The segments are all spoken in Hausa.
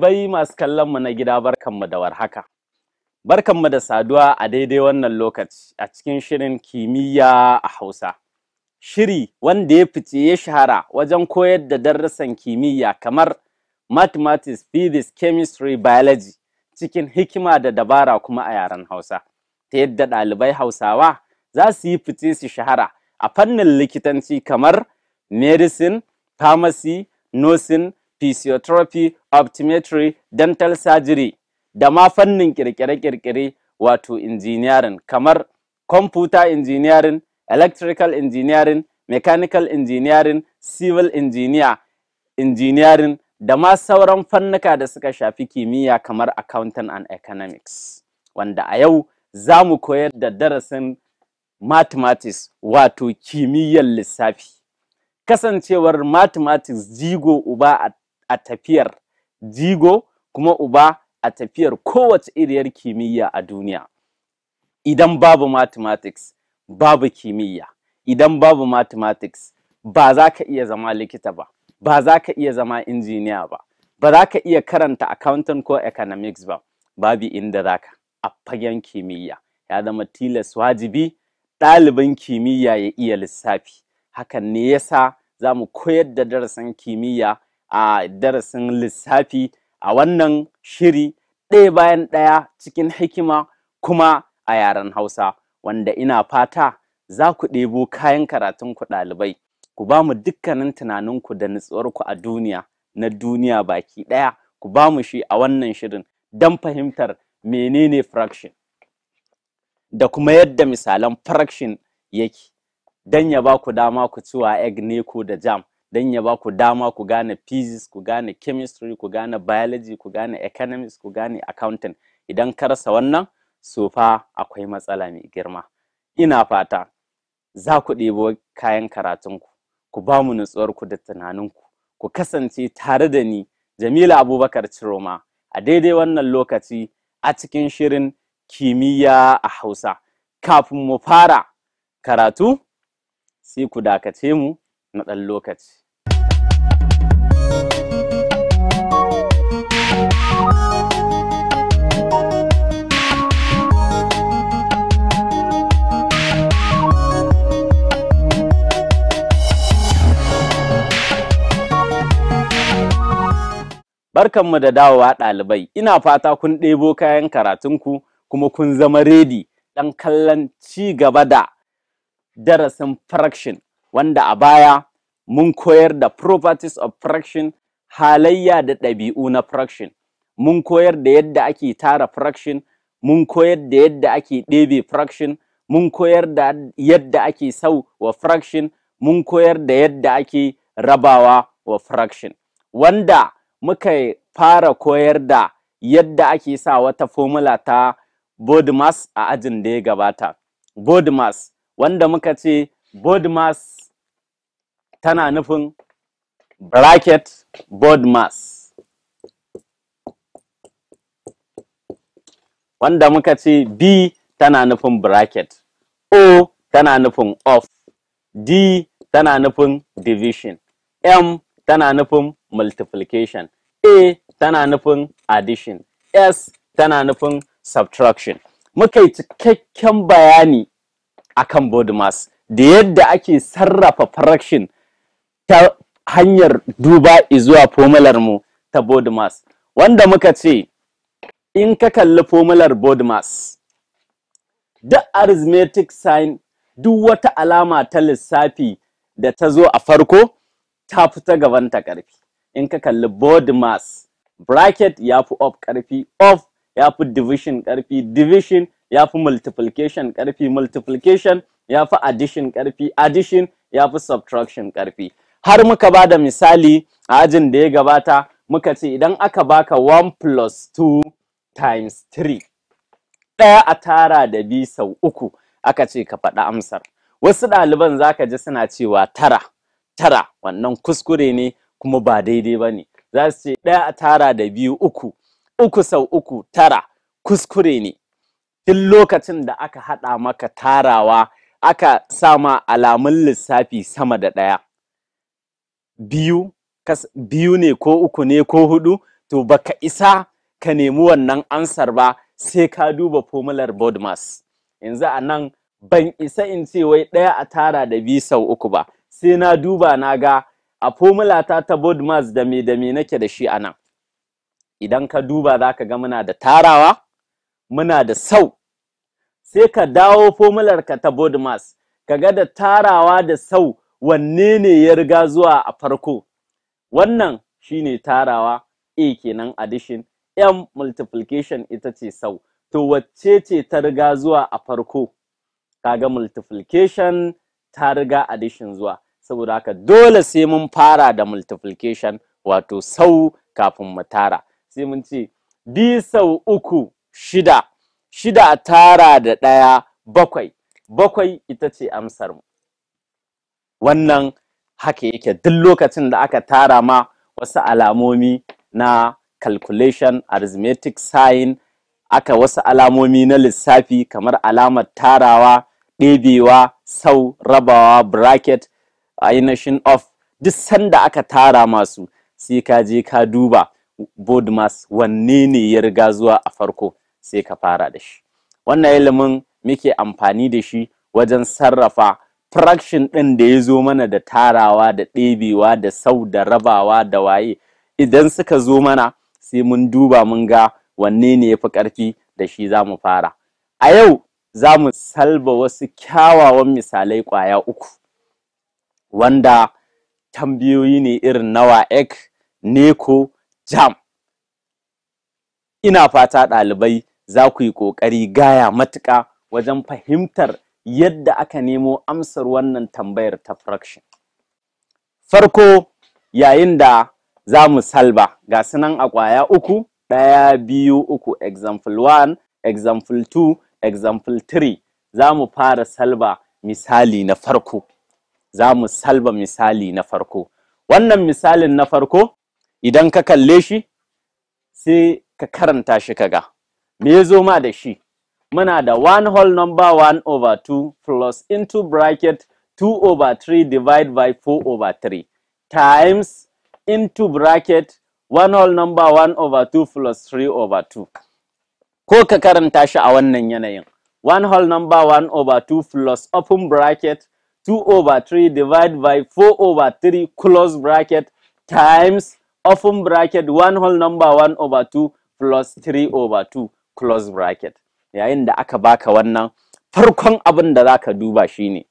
ɗalibai masu kallon mu na gida barkanmu da warhaka. Barkanmu da saduwa a daidai wannan lokaci a cikin shirin kimiyya a Hausa. Shiri wanda ya fice ya shahara wajen koyar da darussan kimiyya kamar mathematics, physics, chemistry, biology cikin hikima da dabara kuma a yaren Hausa. Ta yadda ɗalibai Hausawa za su yi fice su shahara a fannin likitanci kamar medicine, pharmacy, nursing, physiotherapy, optometry, dental surgery da ma fannin kirkire-kirkire wato engineering kamar computer engineering, electrical engineering, mechanical engineering, civil engineer, engineering da ma sauran fannuka da suka shafi kimiyya kamar accounting and economics wanda a yau za mu koyar da darasin mathematics wato kimiyyar lissafi kasancewar mathematics jigo uba a a tafiyar jigo kuma uba a tafiyar kowace iriyar kimiyya a duniya idan babu mathematics babu kimiyya idan babu mathematics ba za ka iya zama likita ba ba za ka iya zama injiniya ba ba za ka iya karanta accounting ko economics ba babu inda za ka a fagen kimiyya ya zama tilas wajibi ɗaliban kimiyya ya iya lissafi hakan ne yasa za mu koyar da darasin kimiyya a darasin lissafi a wannan shiri ɗaya bayan ɗaya cikin hikima kuma a yaren Hausa wanda ina fata za ku ɗebo kayan karatun ku ɗalibai ku ba mu dukkanin tunaninku da nutsuwarku a duniya na duniya baki ɗaya ku ba mu shi a wannan shirin don fahimtar menene fraction da kuma yadda misalan fraction yake don ya ba ku dama ku ciwa egg ne ko da jam don ya ba ku dama ku gane physics ku gane chemistry ku gane biology ku gane economics ku gane accounting idan ka wannan so fa akwai matsala mai girma ina fata za ku ɗebo kayan karatunku ku ba mu nutsuwarku da tunaninku ku kasance tare da ni jamila abubakar ciroma a daidai wannan lokaci a cikin shirin kimiyya a hausa kafin mu fara karatu sai ku dakace mu na ɗan lokaci Barkanmu da dawowa ɗalibai, ina fata kun ɗebo kayan karatunku kuma kun zama redi ɗan kallon ci gaba da darasin fraction wanda a baya mun koyar da properties of fraction halayya da ɗabi'u na fraction. Mun koyar da yadda ake tara fraction, mun koyar da yadda ake ɗebe fraction, mun koyar da yadda ake sau wa fraction, mun koyar da yadda ake rabawa wa fraction. Wanda muka fara koyar da yadda ake sa wata fomula ta body a ajin da ya gabata body mass wanda muka ce body tana nufin bracket body wanda muka ce b tana nufin bracket o tana nufin of d tana nufin division m tana nufin multiplication a tana nufin addition s tana nufin subtraction muka yi cikakken bayani akan body mass da yadda ake sarrafa fraction ta hanyar duba zuwa fomular mu ta body mass wanda muka ce in ka kalli fomular body mass duk arithmetic sign duk wata alama ta lissafi da ta zo a farko ta fi ta gabanta ƙarfi in ka kalli board mass bracket ya fi up ƙarfi off ya fi division ƙarfi division ya fi multiplication ƙarfi multiplication ya fi addition ƙarfi addition ya fi subtraction ƙarfi har muka ba da misali a ajin da ya gabata muka ce idan aka baka 1 plus 2 times 3 ɗaya a tara da bi sau uku aka ce ka faɗa amsar wasu ɗaliban za ka ji suna cewa tara tara wannan kuskure ne kuma ba daidai ba ne za su ce ɗaya a tara da biyu uku uku sau uku tara kuskure ne Tun lokacin da aka haɗa maka tarawa aka sama alamun lissafi sama da ɗaya biyu biyu ne ko uku ne ko hudu to baka isa ka nemi wannan ansar ba sai ka duba fomular board mass yanzu a nan ban isa in ce wai ɗaya a tara da biyu sau uku ba sai na duba na ga a formula ta ta board mass da me da me nake da shi anan, idan ka duba za ka ga muna da tarawa muna da sau sai ka dawo fomular ka ta board mass ka ga da tarawa da sau wanne ne ya riga zuwa a farko wannan shine tarawa a kenan addition m multiplication ita ce sau to wacce ce ta riga zuwa a farko kaga multiplication ta riga addition zuwa saboda haka dole sai mun fara da multiplication wato sau kafin mu tara sai mun ce bi sau uku shida shida tara da ɗaya bakwai bakwai ita ce amsar mu wannan haka yake duk lokacin da aka tara ma wasu alamomi na calculation arithmetic sign aka wasu alamomi na lissafi kamar alamar tarawa ɗebewa sau rabawa bracket ainihin off duk sanda aka tara masu sai ka je ka duba bodmas, wanne ne ya riga zuwa a farko sai ka fara da shi wannan ilimin muke amfani da shi wajen sarrafa fraction ɗin da ya zo mana da tarawa da ɗebewa da sau da rabawa da waye idan suka zo mana sai mun duba mun ga wanne ne ya fi ƙarfi da shi za mu fara a yau za mu salba wasu kyawawan misalai ƙwaya uku wanda tambayoyi ne irin nawa ek neko jam ina fata ɗalibai za ku yi ƙoƙari gaya matuƙa wajen fahimtar yadda aka nemo amsar wannan tambayar ta fraction farko yayin da za mu salba ga sunan a uku ɗaya biyu uku example one example 2 example 3 za mu fara salba misali na farko za mu salba misali na farko wannan misalin na farko idan ka kalle shi sai ka karanta shi kaga me ya zo ma da shi muna da one whole number one over two plus into bracket two over three divided by four over three times into bracket one whole number one over two plus three over two ko ka karanta shi a wannan yanayin one whole number one over two plus open bracket 2 over 3 divided by 4 over 3 close bracket times open bracket 1 whole number 1 over 2 plus 3 over 2 close bracket yayin da aka baka wannan farkon abin da zaka duba shine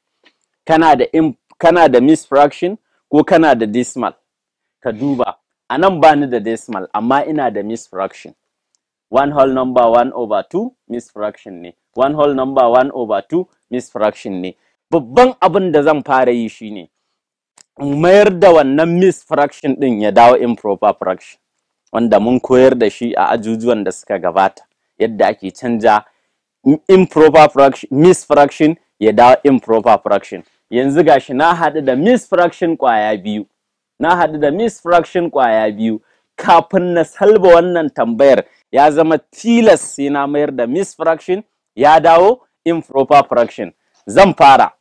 kana da kana da misfraction ko kana da decimal ka duba a nan ba ni da decimal amma ina da misfraction one whole number 1 over 2 misfraction ne one whole number 1 over 2 misfraction ne babban abin da zan fara yi shine mayar da wannan miss fraction din ya dawo improper fraction wanda mun koyar da shi a ajujuwan da suka gabata yadda ake canja improper fraction miss fraction ya dawo improper fraction yanzu shi na haɗu da miss fraction kwaya biyu na haɗu da miss fraction kwaya biyu kafin na salba wannan tambayar ya zama tilas sai na mayar da miss fraction ya dawo improper fraction zan fara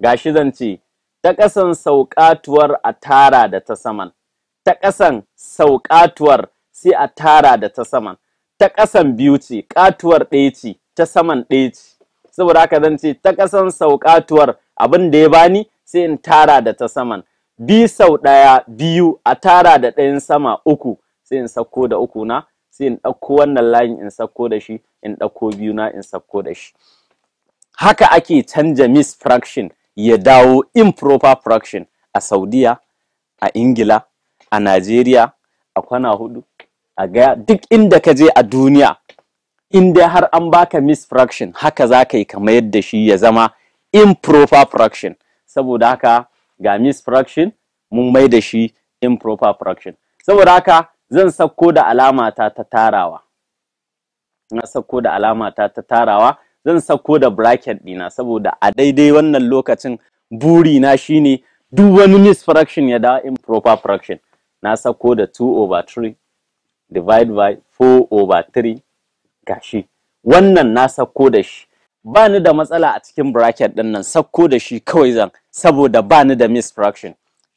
gashi zan ce ta ƙasan sauƙatuwar a tara da ta saman ta ƙasan sauƙatuwar sai a tara da ta saman ta ƙasan biyu ce ƙatuwar ɗaya ce ta saman ɗaya ce saboda haka zan ce ta ƙasan sauƙatuwar abin da ya bani sai in tara da ta saman bi sau ɗaya biyu a tara da ɗayan sama uku sai in sauko da uku na sai in ɗauko wannan layin in sauko da shi in ɗauko biyu na in sauko da shi haka ake canja misfraction ya dawo improper fraction a saudiya a ingila a najeriya a kwana hudu a gaya duk inda ka je a duniya inda har an baka miss fraction haka za ka yi kamar yadda shi ya zama improper fraction saboda haka ga miss fraction mun mai da shi improper fraction saboda haka zan sako da alama na sako da alama ta tarawa zan sako da bracket ɗina saboda a daidai wannan lokacin buri na shine duk wani misfraction ya dawo improper fraction na sako da 2 over 3 divide by 4 over 3 gashi wannan na sako da shi ba ni da matsala a cikin bracket din nan sako da shi kawai zan saboda ba ni da misfraction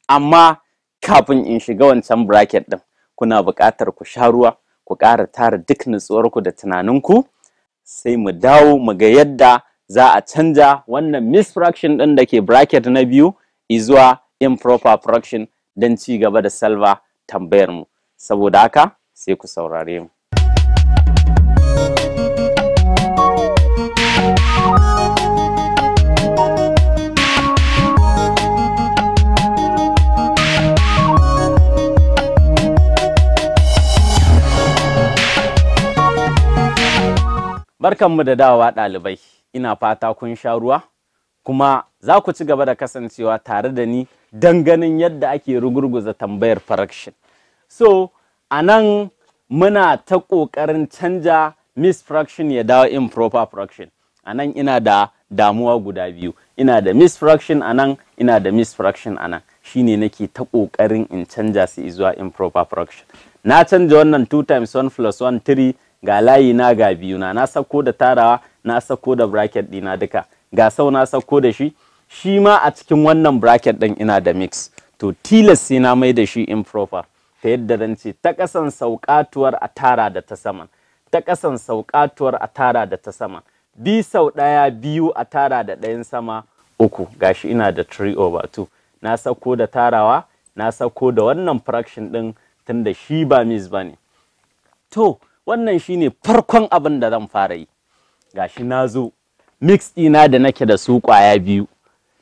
amma kafin in shiga wancan bracket din, kuna buƙatar ku sha ruwa ku ƙara tara duk nutsuwarku da tunaninku sai mu dawo mu ga yadda za a canja wannan misfraction ɗin da ke bracket na biyu izuwa improper fraction don ci gaba da salva tambayar mu saboda haka sai ku saurare mu Barkanmu da dawowa ɗalibai, ina fata kun sha ruwa, kuma za ku ci gaba da kasancewa tare da ni don ganin yadda ake rugurguza tambayar fraction. So, a nan muna ta ƙoƙarin canja miss fraction ya dawo improper fraction. A nan ina da damuwa guda biyu, ina da miss fraction a nan, ina da miss fraction a nan. shine nake ta ƙoƙarin in canja su zuwa improper fraction. Na canja wannan 2 times 1 plus 1 3 ga layi na ga biyu na na sako da tarawa na sako da bracket ɗina duka ga sau na sako da shi shi ma a cikin wannan bracket din ina da mix to tilas sai na mai da shi improper ta yadda zan ce ta kasan saukatuwar a tara da ta saman ta ƙasan sauƙatuwar a tara da ta sama bi sau ɗaya biyu a tara da dayan sama uku gashi ina da 3 over 2 na sako da tarawa na sako da wannan fraction din tunda shi ba miss ba to wannan shine farkon abin da zan fara yi gashi na zo mix ɗina da nake da su kwaya biyu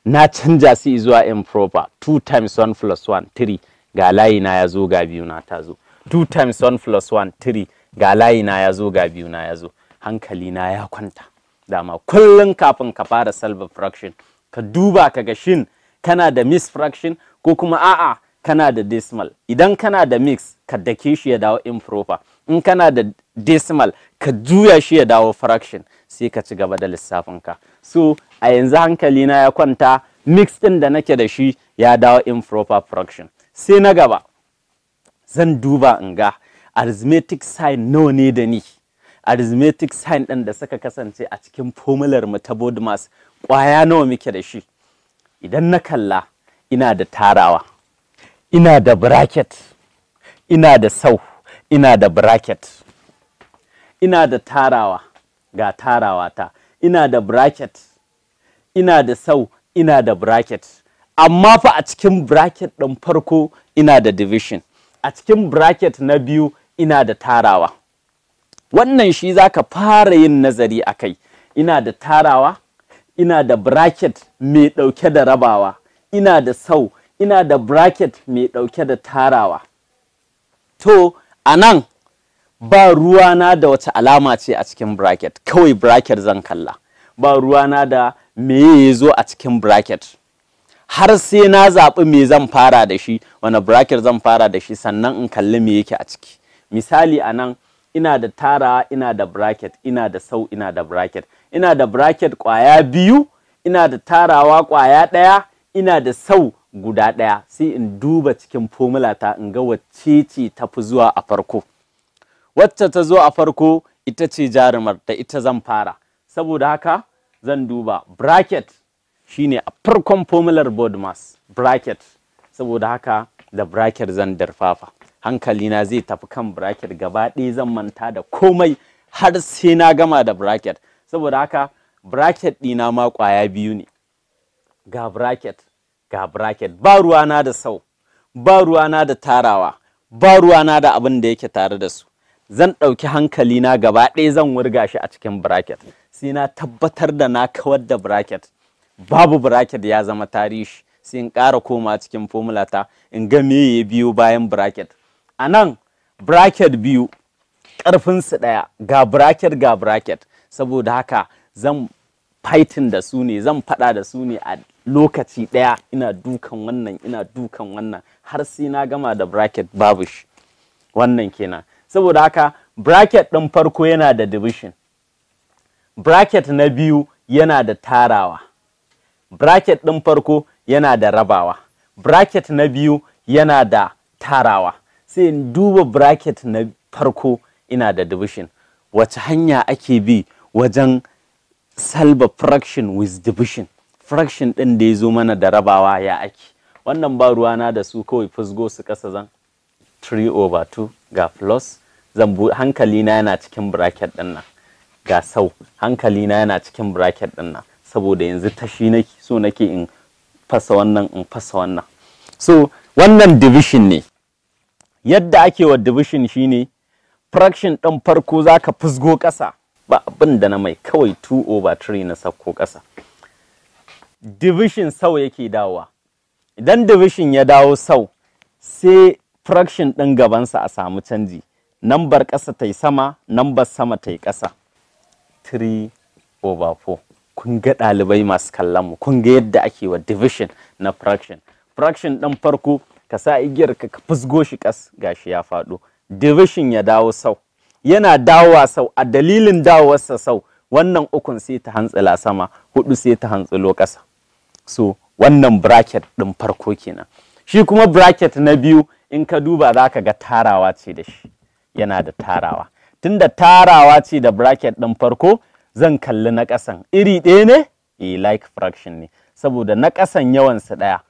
na canja su zuwa improper 2 times 1 plus 1 3 ga layi ya zo ga biyu na ta zo 2 times 1 plus 1 3 ga layina na ya zo ga biyu na ya zo hankali na ya kwanta dama kullum kafin ka fara salva fraction ka duba ka ga shin kana da mix fraction ko kuma a'a kana da decimal idan kana da mix ka dake shi ya dawo improper in kana da decimal ka juya shi ya dawo fraction sai ka ci gaba da lissafinka so a yanzu hankali na ya kwanta mix ɗin da nake da shi ya dawo improper fraction sai na gaba zan duba in ga arithmetic sign nawa ne da ni arithmetic sign ɗin da suka kasance a cikin formular mu ta mass kwaya nawa muke da shi idan na kalla ina da tarawa ina da bracket ina da sau ina da bracket ina da tarawa ga tarawa ta ina da bracket ina da sau ina da bracket amma fa a cikin bracket ɗin farko ina da division a cikin bracket na biyu ina da tarawa wannan shi za ka fara yin nazari a kai ina da tarawa ina da bracket mai ɗauke da rabawa ina da sau ina da bracket mai ɗauke da tarawa to a nan ba ruwana da wata alama ce a cikin bracket kawai bracket zan kalla ba ruwana da meye ya zo a cikin bracket har sai na zaɓi me zan fara da shi wani bracket zan fara da shi sannan in kalli me yake a ciki misali a nan ina da tara ina da bracket ina da sau ina da bracket ina da bracket kwaya biyu ina da tarawa kwaya ɗaya ina da sau guda ɗaya sai in duba cikin fomula ta in ga wacce ce ta fi zuwa a farko wacce ta zo a farko ita ce jarumar da ita zan fara saboda haka zan duba bracket shine a farkon fomular board mass bracket saboda haka da bracket zan darfafa hankalina zai tafi kan bracket gaba ɗaya zan manta da komai har sai na gama da bracket saboda haka bracket ɗina ma ƙwaya biyu ne ga bracket ga bracket ba ruwana da sau ba ruwana da tarawa ba ruwana da abin da yake tare da su zan ɗauki hankalina gaba ɗaya zan wurga shi a cikin bracket sai na tabbatar da na kawar da bracket babu bracket ya zama tarihi sai in ƙara koma cikin formula ta in ga me ya biyo bayan bracket a nan bracket biyu ƙarfinsu ɗaya ga bracket ga bracket saboda haka zan fighting da su ne zan faɗa da su ne a lokaci ɗaya ina dukan wannan ina dukan wannan har sai na gama da bracket babu shi wannan kenan saboda haka bracket ɗin farko yana da division bracket na biyu yana da tarawa bracket ɗin farko yana da rabawa bracket na biyu yana da tarawa sai in duba bracket na farko ina da division wace hanya ake bi wajen salba fraction with division fraction ɗin da ya zo mana da rabawa ya ake wannan ba ruwana da su kawai fusgo su kasa zan 3 over 2 ga plus zan hankali na yana cikin bracket ɗin nan ga sau hankalina yana cikin bracket ɗin nan saboda yanzu tashi nake so nake in fasa wannan in fasa wannan so wannan division ne yadda ake wa division shine fraction ɗin farko zaka fusgo ƙasa ba abin da na mai kawai 2 over 3 na sako ƙasa division sau yake dawowa idan division ya dawo sau sai fraction ɗin gabansa a samu canji nambar ƙasa ta yi sama nambar sama ta kasa ƙasa 3 over 4 kun ga ɗalibai masu kallon mu kun ga yadda ake wa division na fraction fraction ɗin farko ka sa igiyar ka ka fusgo shi ƙas gashi ya faɗo division ya dawo sau yana dawowa sau a dalilin dawowarsa sau wannan ukun sai ta hantsila sama hudu sai ta hantsilo ƙasa so wannan bracket ɗin farko kenan shi kuma bracket na biyu in ka duba za ka ga tarawa ce da shi yana da tarawa tunda tarawa ce da bracket ɗin farko zan kalli na ƙasan iri ɗaya ne e like fraction ne saboda na ƙasan yawansu ɗaya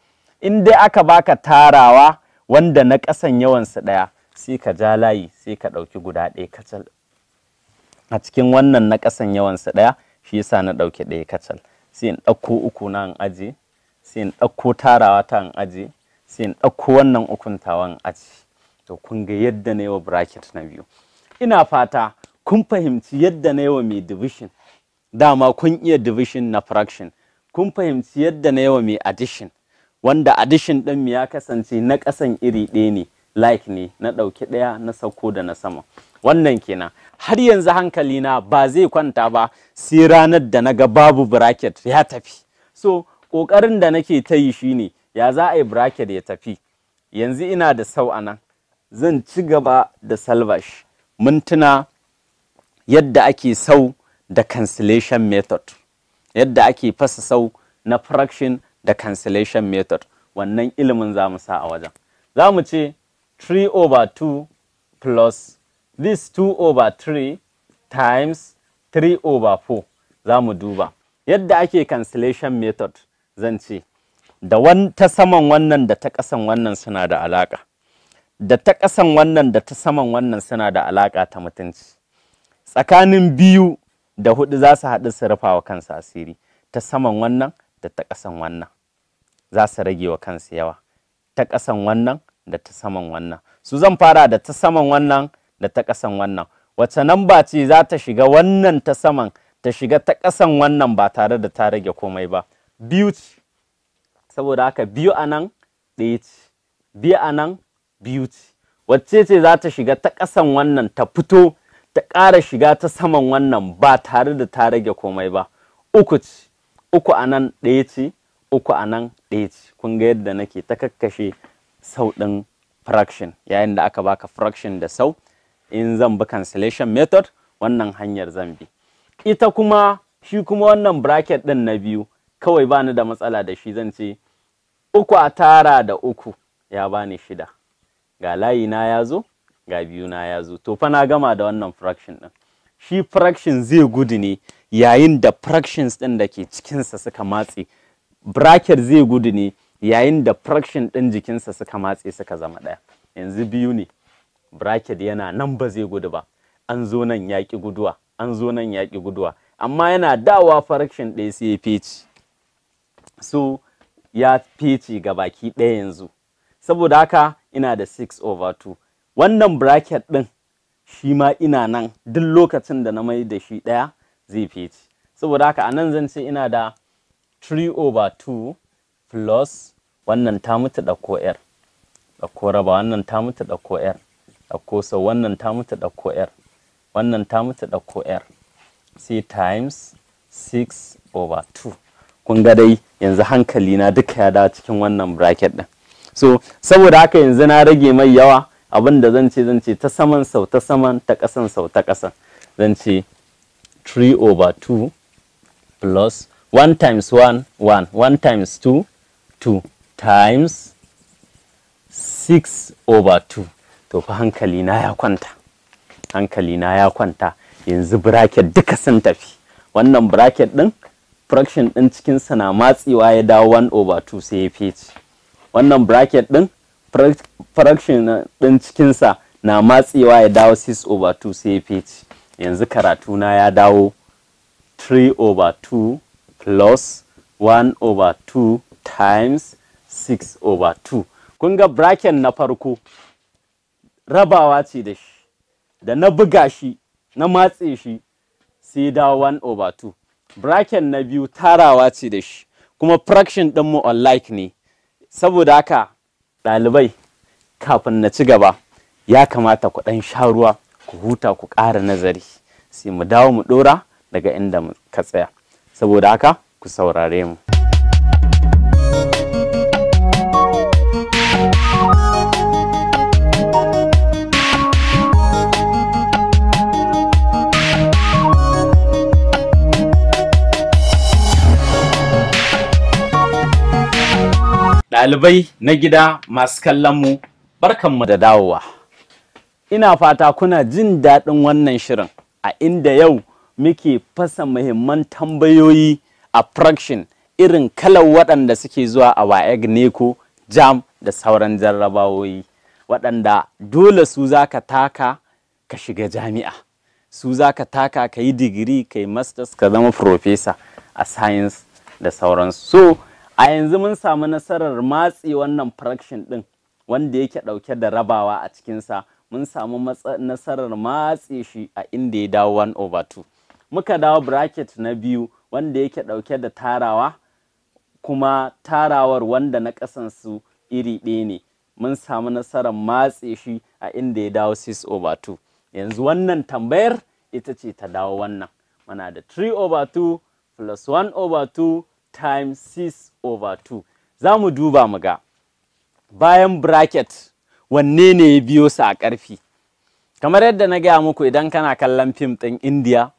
in dai aka baka tarawa wanda na ƙasan yawansu ɗaya sai ka ja layi sai ka ɗauki guda ɗaya kacal a cikin wannan na ƙasan yawansu ɗaya shi yasa na ɗauki ɗaya kacal sai in ɗauko uku na in aje sai in ɗauko tarawa ta in aje sai in ɗauko wannan ukun tawa in aje to kun ga yadda na wa bracket na biyu ina fata kun fahimci yadda na wa mai division dama kun iya division na fraction kun fahimci yadda na wa mai addition wanda addition ɗin mu ya kasance na ƙasan iri ɗaya ne like ne na ɗauki ɗaya na sauko da na sama wannan kenan har yanzu hankalina ba zai kwanta ba sai ranar da na ga babu bracket ya tafi so ƙoƙarin da nake ta yi shine ya za a yi bracket ya tafi yanzu ina da sau a nan zan ci gaba da salvash mintuna yadda ake sau da cancellation method yadda ake fasa sau na fraction da cancellation method wannan ilimin za mu sa a wajen za mu ce 3 over 2 plus this 2 over 3 times 3 over 4 za mu duba yadda ake cancellation method zan ce da ta saman wannan da ta kasan wannan suna da alaƙa da ta kasan wannan da ta saman wannan suna da alaƙa ta mutunci tsakanin biyu da hudu za su haɗu su rufa kansu asiri ta saman wannan da ta kasan wannan za su rage wa kansu yawa ta kasan wannan da ta saman wannan su zan fara da ta saman wannan da ta ƙasan wannan wace nan ba ce za ta shiga wannan ta saman ta shiga ta ƙasan wannan ba tare da ta rage komai ba biyu ce saboda haka biyu a nan ɗaya ce biyu a nan biyu ce wacce ce za ta shiga ta ƙasan wannan ta fito ta ƙara shiga ta saman wannan ba tare da ta rage komai ba uku ce uku a nan ɗaya ce uku a nan ɗaya ce kun ga yadda nake ta kakkashe sau ɗin fraction yayin da aka baka fraction da sau in zan bi cancellation method wannan hanyar zan bi ita kuma shi kuma wannan bracket ɗin na biyu kawai bani da matsala da shi zan ce uku a tara da uku ya bani shida ga layi na ya zo ga biyu na ya zo to fa na gama da wannan fraction ɗin shi fraction zai gudu ne yayin da fractions ɗin da ke cikinsa suka matse bracket zai gudu ne yayin da fraction ɗin jikinsa suka matse suka zama ɗaya yanzu biyu ne bracket yana nan ba zai gudu ba an zo nan yaƙi guduwa an zo nan yaƙi guduwa amma yana dawa fraction ɗaya sai ya fece so ya feci ga baki ɗaya yanzu saboda haka ina da 6 over 2 wannan bracket ɗin shi ma ina nan duk lokacin da na mai da shi ɗaya zai feci saboda haka a nan zan ce ina da 3 over 2 plus wannan ta mutu ɗauko r ɗauko raba wannan ta mutu ɗauko r ɗauko so wannan ta mutu ɗauko r wannan ta mutu ɗauko r c times 6 over 2 kun ga dai yanzu hankali na duka ya da cikin wannan bracket ɗin so saboda haka yanzu na rage mai yawa abin da zan ce zan ce ta saman sau ta saman ta ƙasan sau ta ƙasan zan ce 3 over 2 plus 1 times 1 1 1 times 2 2 times 6 over 2 to fa hankali na ya kwanta hankali na ya kwanta yanzu bracket duka sun tafi wannan bracket din fraction din cikinsa na matsewa ya dawo 1 over 2 sai ya fice wannan bracket din fraction din cikinsa na matsewa ya dawo 6 over 2 sai ya fice yanzu karatu na ya dawo 3 over 2 plus 1 over 2 times 6 over 2 kunga ga bracket na farko rabawa ce da shi da na buga shi na matse shi sai da 1 over 2 bracket na biyu tarawa ce da shi kuma fraction ɗinmu unlike ne saboda haka ɗalibai kafin na ci gaba ya kamata ku ɗan sha ruwa ku huta ku ƙara nazari sai mu dawo mu ɗora daga inda ka tsaya saboda haka ku saurare mu ɗalibai na gida masu kallon mu barkanmu da dawowa ina fata kuna jin daɗin wannan shirin a inda yau muke fasa muhimman tambayoyi a fraction irin kalar waɗanda suke zuwa a waeg neko jam da sauran jarrabawoyi waɗanda dole su za ka taka ka shiga jami'a su za ka taka ka yi digiri ka yi masters ka zama profesa a science da sauransu so a yanzu mun samu nasarar matsi wannan fraction ɗin wanda yake ɗauke da rabawa a cikinsa mun samu nasarar matsi shi a inda ya dawo 1 over 2 muka dawo bracket na biyu wanda yake ɗauke da tarawa kuma tarawar wanda na kasansu iri ɗaya ne mun samu nasarar matsi shi a inda ya dawo 6 over 2 yanzu wannan tambayar ita ce ta dawo wannan muna da 3 over 2 plus 1 over 2 times 6 over 2 za mu duba mu ga bayan bracket wanne ne ya biyo sa a ƙarfi kamar yadda na gaya muku idan kana kallon fim ɗin india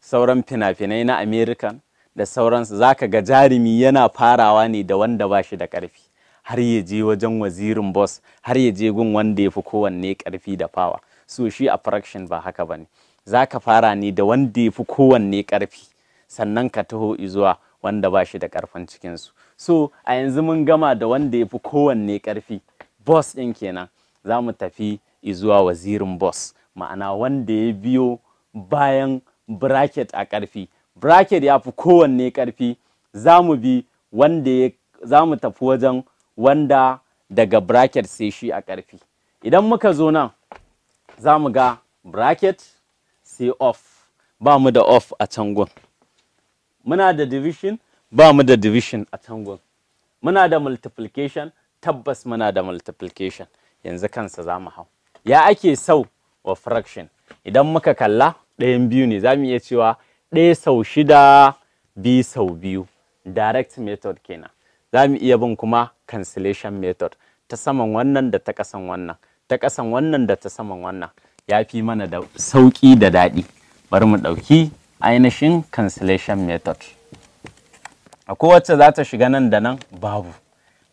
sauran fina-finai na american da sauransu za ka ga jarumi yana farawa ne da wanda ba shi da ƙarfi har ya je wajen wazirin boss har ya je gun wanda ya fi kowanne ƙarfi da fawa so shi a fraction ba haka ba ne za ka fara ne da wanda ya fi kowanne ƙarfi sannan ka taho izuwa wanda ba shi da ƙarfin cikinsu so a yanzu mun gama da wanda ya fi kowanne ƙarfi, boss ɗin kenan za mu tafi izuwa wazirin boss ma'ana wanda ya biyo bayan bracket a ƙarfi bracket ya fi kowanne ƙarfi za mu bi wanda ya za mu tafi wajen wanda daga bracket sai shi a ƙarfi. idan muka zo nan za mu ga bracket sai off ba mu da off a can gun muna da division ba mu da division a tangon muna da multiplication tabbas muna da multiplication yanzu kansa za mu hau ya ake sau wa fraction idan muka kalla ɗayan biyu ne za mu iya cewa ɗaya sau shida bi sau biyu direct method kenan za mu iya bin kuma cancellation method ta saman wannan da ta ƙasan wannan ta ƙasan wannan da ta saman wannan ya fi mana da sauƙi da daɗi bari mu ɗauki ainihin cancellation method a kowace za ta shiga nan da nan babu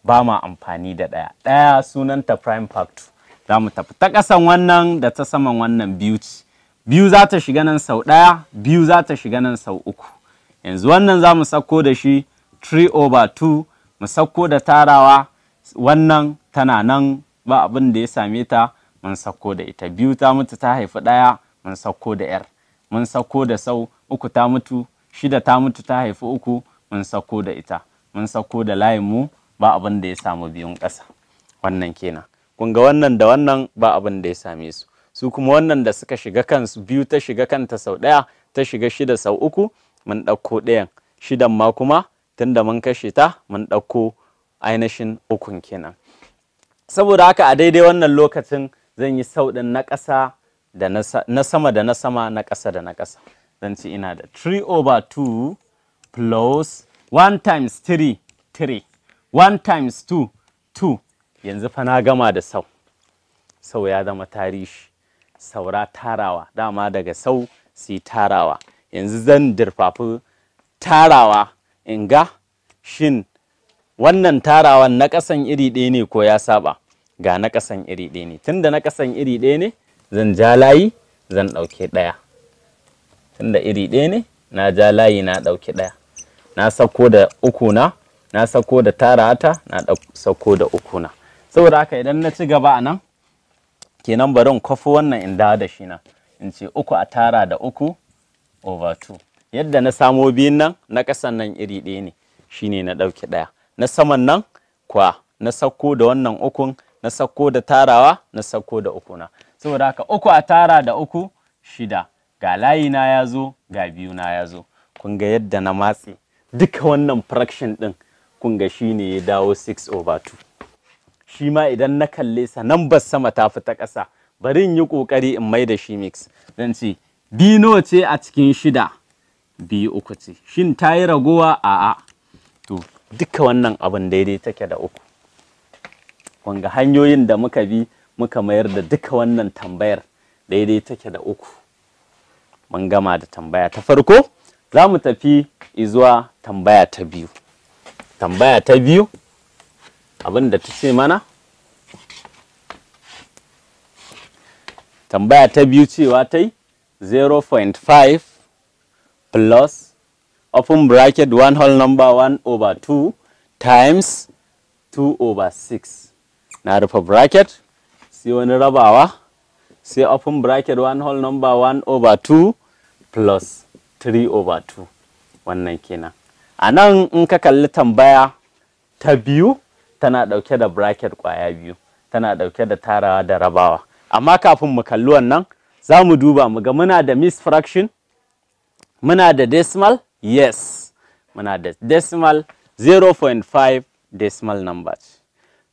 ba ma amfani da ɗaya ɗaya sunanta prime factor za mu tafi ta ƙasan wannan da ta saman wannan biyu ci biyu za ta shiga nan sau ɗaya biyu za ta shiga nan sau uku yanzu wannan za mu sako da shi 3 over 2 mu sako da tarawa wannan tana nan ba abin da ya same ta mun sako da ita biyu ta mutu ta haifi ɗaya mun sako da 'yar mun sako da sau uku ta mutu shida ta mutu ta haifi uku mun sako da ita mun sako da layin ba abin da ya samu biyun ƙasa wannan kenan kun ga wannan da wannan ba abin da ya same su su kuma wannan da suka shiga kansu biyu ta shiga kanta sau ɗaya ta shiga shida sau uku mun ɗauko ɗayan shidan ma kuma tunda mun kashe ta mun ɗauko ainihin ukun kenan saboda haka a daidai wannan lokacin zan yi sau na ƙasa da na sama da na sama na ƙasa da na ƙasa zan ce ina da 3 over 2 plus 1 times 3 3 1 times 2 2 yanzu fa na gama da sau sau ya zama tarihi saura tarawa dama daga sau sai tarawa yanzu zan dirfafi tarawa in ga shin wannan tarawan na ƙasan iri ɗaya ne ko ya saba ga na ƙasan iri ɗaya ne tunda na ƙasan iri ɗaya ne zan ja layi zan ɗauke ɗaya tunda iri ɗaya ne na ja layi na ɗauke ɗaya na sako da uku na na sako da tara ta na sako da uku na saboda haka idan na ci gaba a nan kenan bari in kwafo wannan in dawo da shi na in ce uku a tara da uku over two yadda na samo biyun nan na kasan nan iri ɗaya ne shine na ɗauki ɗaya na saman nan kwa na sako da wannan ukun na sako da tarawa na sako da ukuna saboda haka uku a tara da uku shida ga layi na ya zo ga biyu na ya zo kun yadda na matsi duka wannan fraction din kunga ga shine ya dawo 6 over 2 shi ma idan na kalle sa bas sama ta fi ta ƙasa bari in yi ƙoƙari in mai da shi mix zan ce b nawa ce a cikin shida biyu uku ce shin ta yi ragowa a'a to duka wannan abin daidai take da uku Kunga hanyoyin da muka bi muka mayar da duka wannan tambayar daidai take da uku mun gama da tambaya ta farko za mu tafi izuwa tambaya ta biyu tambaya ta biyu abin da ta ce mana tambaya ta biyu cewa ta yi 0.5 plus open bracket one whole number 1 over 2 times 2 over 6 na rufe bracket sai wani rabawa sai open bracket one whole number 1 over 2 plus 3 over 2 wannan kenan a nan in ka kalli tambaya ta biyu tana ɗauke da bracket kwaya biyu tana ɗauke da tarawa da rabawa amma kafin mu kalli wannan za mu duba mu ga muna da miss fraction muna da decimal yes muna da decimal 0.5 decimal numbers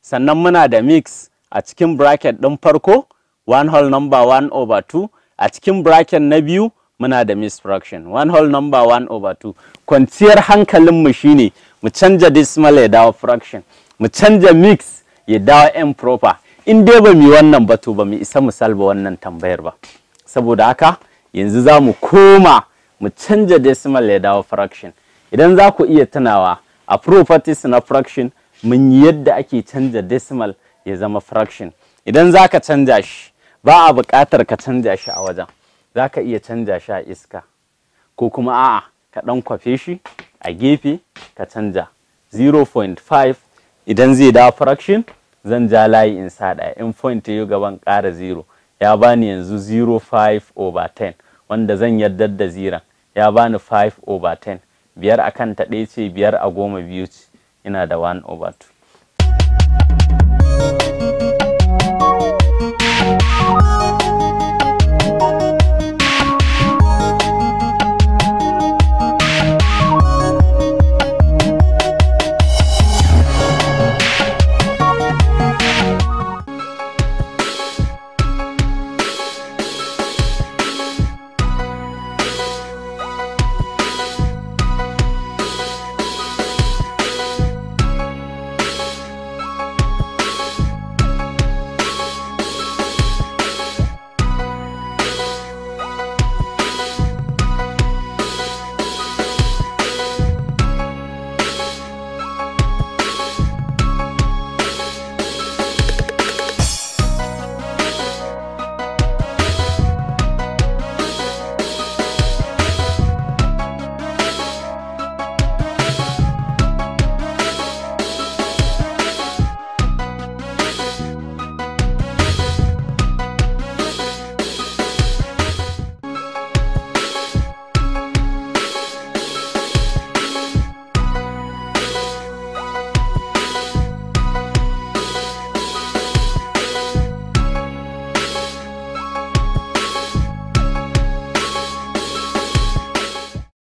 sannan muna da mix a cikin bracket ɗin farko one whole number one over two a cikin bracket na biyu muna da misfraction one whole number one over two kwanciyar hankalinmu shine mu canja decimal ya dawo fraction mu canja mix ya dawo m proper in dai ba mu yi wannan ba to ba mu isa mu salba wannan tambayar ba saboda haka yanzu za mu koma mu canja decimal ya dawo fraction idan za ku iya tunawa a properties na fraction mun yi yadda ake canja decimal ya zama fraction idan za ka canja shi ba a buƙatar ka canja shi a wajen za ka iya canja shi a iska ko kuma a'a ka ɗan kwafe shi a gefe ka canja 0.5 idan zai da fraction zan ja layi in sa ɗaya in point ya gaban ƙara 0 ya bani yanzu 0.5 over 10 wanda zan yarda da ziran ya bani 5 over 10 biyar akan ta ɗaya ce biyar a goma biyu ce ina da 1 over 2